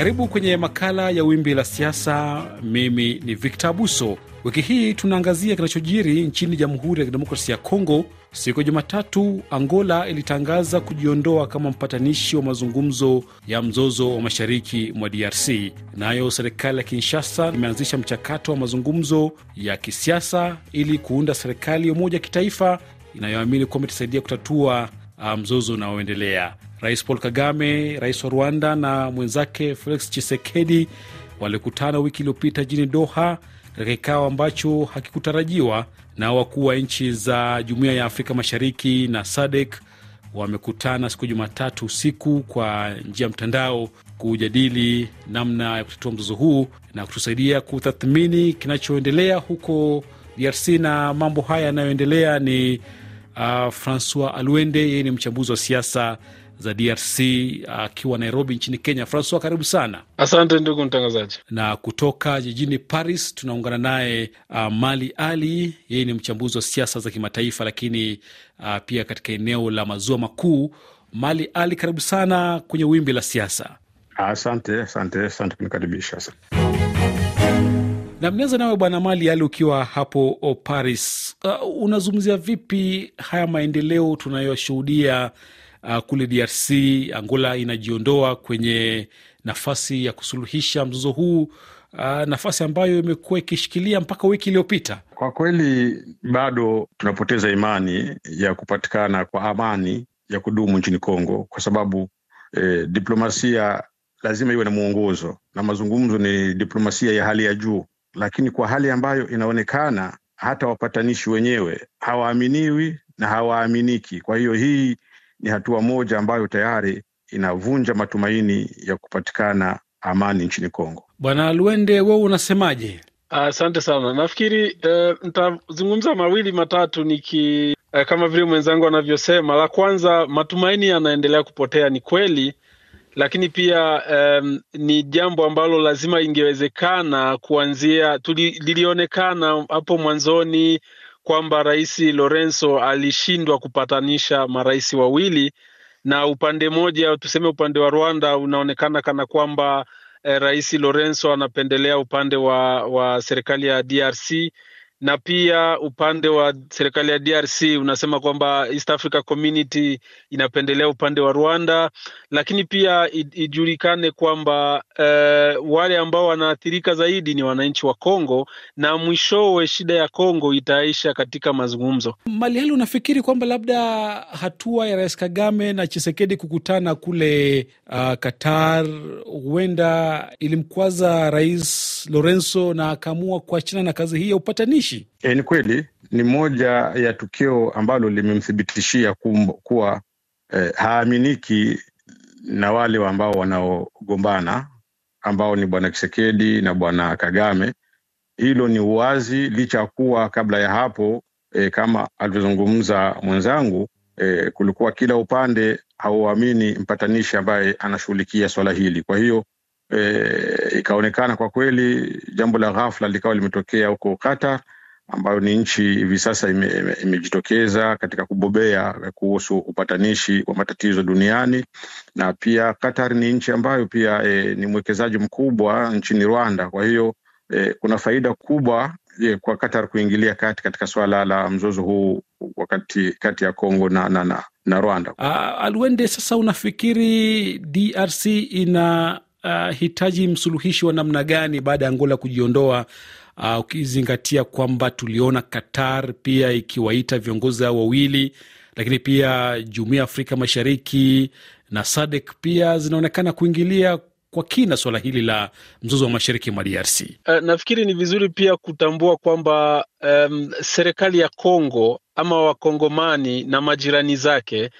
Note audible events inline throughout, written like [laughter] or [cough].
Karibu kwenye makala ya Wimbi la Siasa. Mimi ni Victor Abuso. Wiki hii tunaangazia kinachojiri nchini Jamhuri ya Kidemokrasia ya Kongo. Siku ya Jumatatu, Angola ilitangaza kujiondoa kama mpatanishi wa mazungumzo ya mzozo wa mashariki mwa DRC. Nayo serikali ya Kinshasa imeanzisha mchakato wa mazungumzo ya kisiasa ili kuunda serikali ya umoja wa kitaifa inayoamini kwamba itasaidia kutatua ah, mzozo unaoendelea. Rais Paul Kagame, rais wa Rwanda na mwenzake Felix chisekedi walikutana wiki iliyopita jini Doha katika kikao ambacho hakikutarajiwa, na wakuu wa nchi za Jumuiya ya Afrika Mashariki na sadek wamekutana siku ya Jumatatu usiku kwa njia ya mtandao kujadili namna ya kutatua mzozo huu na kutusaidia kutathmini kinachoendelea huko DRC na mambo haya yanayoendelea ni uh, Francois Alwende, yeye ni mchambuzi wa siasa za DRC akiwa Nairobi nchini Kenya. Francois, karibu sana. Asante ndugu mtangazaji. Na kutoka jijini Paris tunaungana naye uh, Mali Ali, yeye ni mchambuzi wa siasa za kimataifa, lakini uh, pia katika eneo la maziwa makuu. Mali Ali, karibu sana kwenye wimbi la siasa. Asante, asante, asante kunikaribisha. Na nawe bwana Mali Ali, ukiwa hapo Paris, uh, unazungumzia vipi haya maendeleo tunayoshuhudia uh, kule DRC. Angola inajiondoa kwenye nafasi ya kusuluhisha mzozo huu, uh, nafasi ambayo imekuwa ikishikilia mpaka wiki iliyopita. Kwa kweli bado tunapoteza imani ya kupatikana kwa amani ya kudumu nchini Kongo kwa sababu eh, diplomasia lazima iwe na mwongozo na mazungumzo ni diplomasia ya hali ya juu, lakini kwa hali ambayo inaonekana hata wapatanishi wenyewe hawaaminiwi na hawaaminiki. Kwa hiyo hii ni hatua moja ambayo tayari inavunja matumaini ya kupatikana amani nchini Kongo. Bwana Luende, wewe unasemaje? Asante uh, sana. Nafikiri uh, nitazungumza mawili matatu niki uh, kama vile mwenzangu anavyosema. La kwanza, matumaini yanaendelea kupotea, ni kweli, lakini pia um, ni jambo ambalo lazima ingewezekana kuanzia, lilionekana hapo mwanzoni kwamba Rais Lorenzo alishindwa kupatanisha marais wawili, na upande mmoja tuseme, upande wa Rwanda unaonekana kana kwamba eh, Rais Lorenzo anapendelea upande wa, wa serikali ya DRC na pia upande wa serikali ya DRC unasema kwamba East Africa Community inapendelea upande wa Rwanda, lakini pia ijulikane kwamba uh, wale ambao wanaathirika zaidi ni wananchi wa Kongo, na mwishowe shida ya Kongo itaisha katika mazungumzo. Mali hali unafikiri kwamba labda hatua ya Rais Kagame na Chisekedi kukutana kule uh, Qatar huenda ilimkwaza rais Lorenzo na akaamua kuachana na kazi hii ya upatanishi. E, ni kweli ni moja ya tukio ambalo limemthibitishia kuwa eh, haaminiki na wale ambao wanaogombana ambao ni bwana Kisekedi na bwana Kagame. Hilo ni uwazi, licha ya kuwa kabla ya hapo eh, kama alivyozungumza mwenzangu eh, kulikuwa kila upande hauamini mpatanishi ambaye anashughulikia swala hili. Kwa hiyo e, ikaonekana kwa kweli jambo la ghafla likawa limetokea huko Qatar, ambayo ni nchi hivi sasa imejitokeza ime, ime katika kubobea kuhusu upatanishi wa matatizo duniani, na pia Qatar ni nchi ambayo pia e, ni mwekezaji mkubwa nchini Rwanda. Kwa hiyo e, kuna faida kubwa e, kwa Qatar kuingilia kati katika swala la mzozo huu wakati kati ya Kongo na, na, na, na Rwanda. Ah, Alwende, sasa unafikiri DRC ina tunahitaji uh, msuluhishi wa namna gani baada ya Angola kujiondoa uh, ukizingatia kwamba tuliona Qatar pia ikiwaita viongozi hao wawili, lakini pia Jumuiya ya Afrika Mashariki na SADC pia zinaonekana kuingilia kwa kina suala hili la mzozo wa mashariki mwa DRC. Uh, eh, nafikiri ni vizuri pia kutambua kwamba um, serikali ya Kongo ama Wakongomani na majirani zake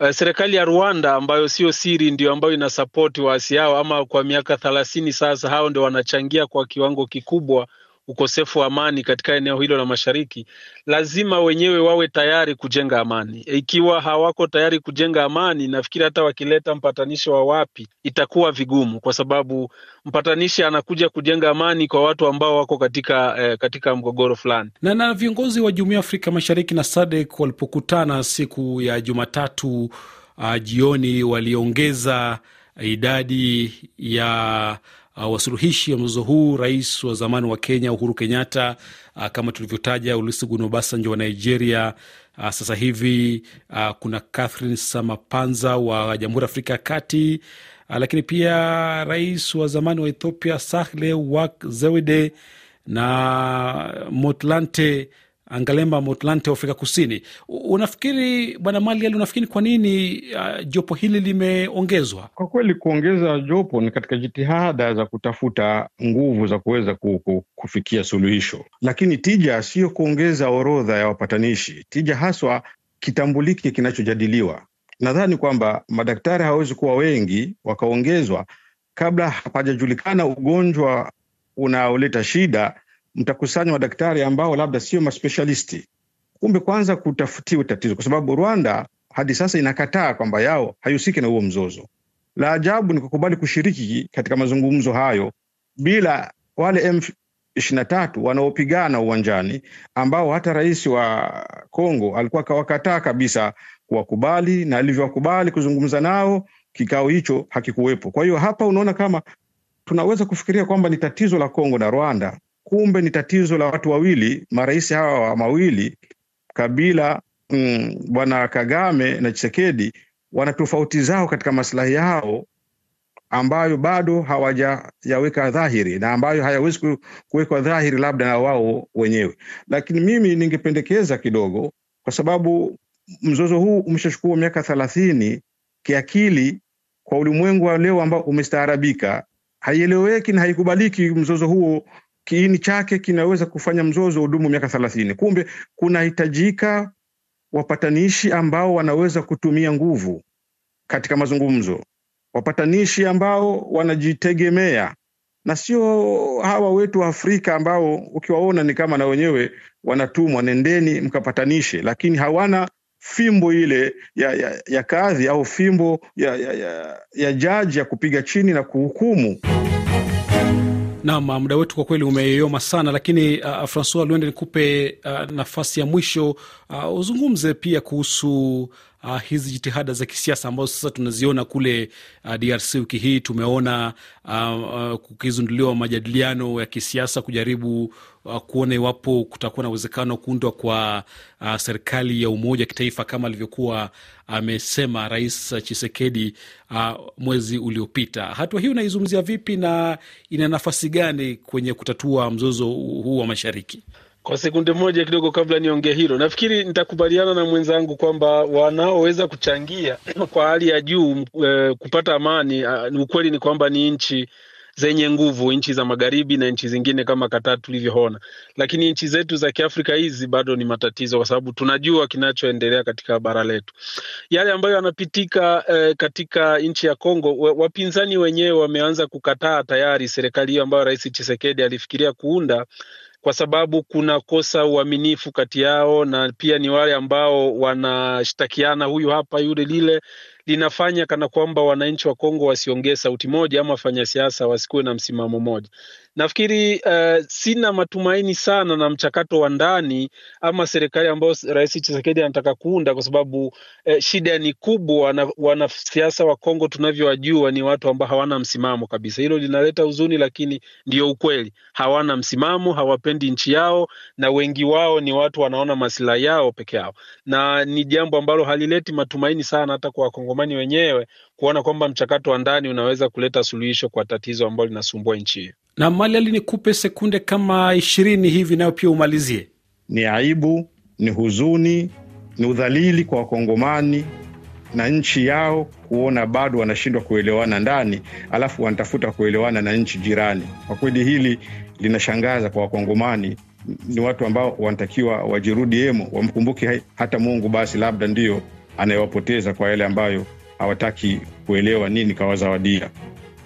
Uh, serikali ya Rwanda ambayo sio siri ndio ambayo inasapoti waasi hao ama kwa miaka thelathini sasa, hao ndio wanachangia kwa kiwango kikubwa ukosefu wa amani katika eneo hilo la mashariki, lazima wenyewe wawe tayari kujenga amani. Ikiwa hawako tayari kujenga amani, nafikiri hata wakileta mpatanishi wa wapi itakuwa vigumu, kwa sababu mpatanishi anakuja kujenga amani kwa watu ambao wako katika, eh, katika mgogoro fulani. Na na viongozi wa Jumuiya ya Afrika Mashariki na SADC walipokutana siku ya Jumatatu uh, jioni waliongeza idadi ya uh, wasuluhishi wa mzozo huu, rais wa zamani wa Kenya Uhuru Kenyatta, uh, kama tulivyotaja, Olusegun Obasanjo wa Nigeria. Uh, sasa hivi uh, kuna Catherine Samapanza wa Jamhuri ya Afrika ya Kati, uh, lakini pia rais wa zamani wa Ethiopia Sahle Work Zewde na Motlante Angalemba Motlante wa Afrika Kusini. Unafikiri Bwana Mali Ali, unafikiri kwa nini uh, jopo hili limeongezwa? Kwa kweli kuongeza jopo ni katika jitihada za kutafuta nguvu za kuweza kufikia suluhisho, lakini tija siyo kuongeza orodha ya wapatanishi. Tija haswa kitambulike kinachojadiliwa. Nadhani kwamba madaktari hawawezi kuwa wengi wakaongezwa kabla hapajajulikana ugonjwa unaoleta shida mtakusanya madaktari ambao labda sio maspeshalisti, kumbe kwanza kutafutiwe tatizo, kwa sababu Rwanda hadi sasa inakataa kwamba yao haihusiki na huo mzozo. La ajabu ni kukubali kushiriki katika mazungumzo hayo bila wale M23 wanaopigana uwanjani, ambao hata rais wa Kongo alikuwa akawakataa kabisa kuwakubali, na alivyowakubali kuzungumza nao kikao hicho hakikuwepo. Kwa hiyo hapa unaona kama tunaweza kufikiria kwamba ni tatizo la Kongo na Rwanda kumbe ni tatizo la watu wawili, marais hawa wa mawili Kabila mm, bwana Kagame na Chisekedi wana tofauti zao katika maslahi yao ambayo bado hawajayaweka dhahiri na ambayo hayawezi kuwekwa dhahiri labda na wao wenyewe. Lakini mimi ningependekeza kidogo, kwa sababu mzozo huu umeshachukua miaka thelathini. Kiakili, kwa ulimwengu wa leo ambao umestaarabika, haieleweki na haikubaliki mzozo huo kiini chake kinaweza kufanya mzozo udumu miaka thelathini. Kumbe kunahitajika wapatanishi ambao wanaweza kutumia nguvu katika mazungumzo, wapatanishi ambao wanajitegemea na sio hawa wetu wa Afrika ambao ukiwaona ni kama na wenyewe wanatumwa, nendeni mkapatanishe, lakini hawana fimbo ile ya, ya, ya kadhi au fimbo ya, ya, ya, ya jaji ya kupiga chini na kuhukumu. Naam, muda wetu kwa kweli umeyoma sana, lakini uh, uh, Francois Luende, nikupe uh, nafasi ya mwisho uh, uzungumze pia kuhusu uh, hizi jitihada za kisiasa ambazo sasa tunaziona kule uh, ah, DRC wiki hii tumeona uh, ah, uh, kukizinduliwa majadiliano ya kisiasa kujaribu uh, kuona iwapo kutakuwa na uwezekano kuundwa kwa uh, serikali ya umoja kitaifa kama alivyokuwa amesema uh, Rais Chisekedi uh, mwezi uliopita. Hatua hii unaizungumzia vipi na ina nafasi gani kwenye kutatua mzozo huu wa mashariki? Kwa sekunde moja kidogo, kabla niongee hilo, nafikiri nitakubaliana na mwenzangu kwamba wanaoweza kuchangia [clears throat] kwa hali ya juu e, kupata amani a, ah, ukweli ni kwamba ni nchi zenye nguvu, nchi za magharibi na nchi zingine kama Kataa tulivyoona, lakini nchi zetu za Kiafrika hizi bado ni matatizo, kwa sababu tunajua kinachoendelea katika bara letu, yale ambayo yanapitika e, katika nchi ya Kongo. Wapinzani wenyewe wameanza kukataa tayari serikali hiyo ambayo Rais Tshisekedi alifikiria kuunda kwa sababu kuna kosa uaminifu kati yao, na pia ni wale ambao wanashtakiana, huyu hapa yule lile, linafanya kana kwamba wananchi wa Kongo wasiongee sauti moja ama siasa wasikuwe na msimamo mmoja. Nafikiri uh, sina matumaini sana na mchakato wa ndani ama serikali ambayo Rais Tshisekedi anataka kuunda, kwa sababu uh, shida ni kubwa. Wanasiasa wa Kongo tunavyowajua ni watu ambao hawana msimamo kabisa. Hilo linaleta huzuni, lakini ndio ukweli. Hawana msimamo, hawapendi nchi yao, na wengi wao ni watu wanaona masilahi yao peke yao, na ni jambo ambalo halileti matumaini sana hata kwa Kongo wakongomani wenyewe kuona kwamba mchakato wa ndani unaweza kuleta suluhisho kwa tatizo ambalo linasumbua nchi hiyo. Na mali ali nikupe sekunde kama ishirini hivi, nayo pia umalizie. Ni aibu, ni huzuni, ni udhalili kwa wakongomani na nchi yao kuona bado wanashindwa kuelewana ndani, alafu wanatafuta kuelewana na nchi jirani. Kwa kweli hili linashangaza kwa wakongomani ni watu ambao wanatakiwa wajirudi emo, wamkumbuke hata Mungu basi, labda ndio anayewapoteza kwa yale ambayo hawataki kuelewa nini kawazawadia.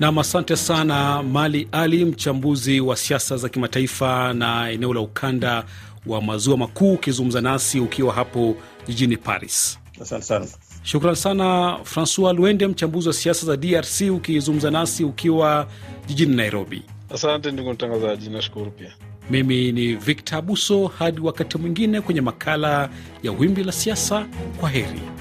Nam, asante sana Mali Ali, mchambuzi wa siasa za kimataifa na eneo la ukanda wa maziwa makuu, ukizungumza nasi ukiwa hapo jijini Paris. Asante sana. Shukran sana Francois Luende, mchambuzi wa siasa za DRC, ukizungumza nasi ukiwa jijini Nairobi. Asante ndugu mtangazaji, nashukuru pia. Mimi ni Victor Abuso, hadi wakati mwingine kwenye makala ya Wimbi la Siasa. Kwa heri.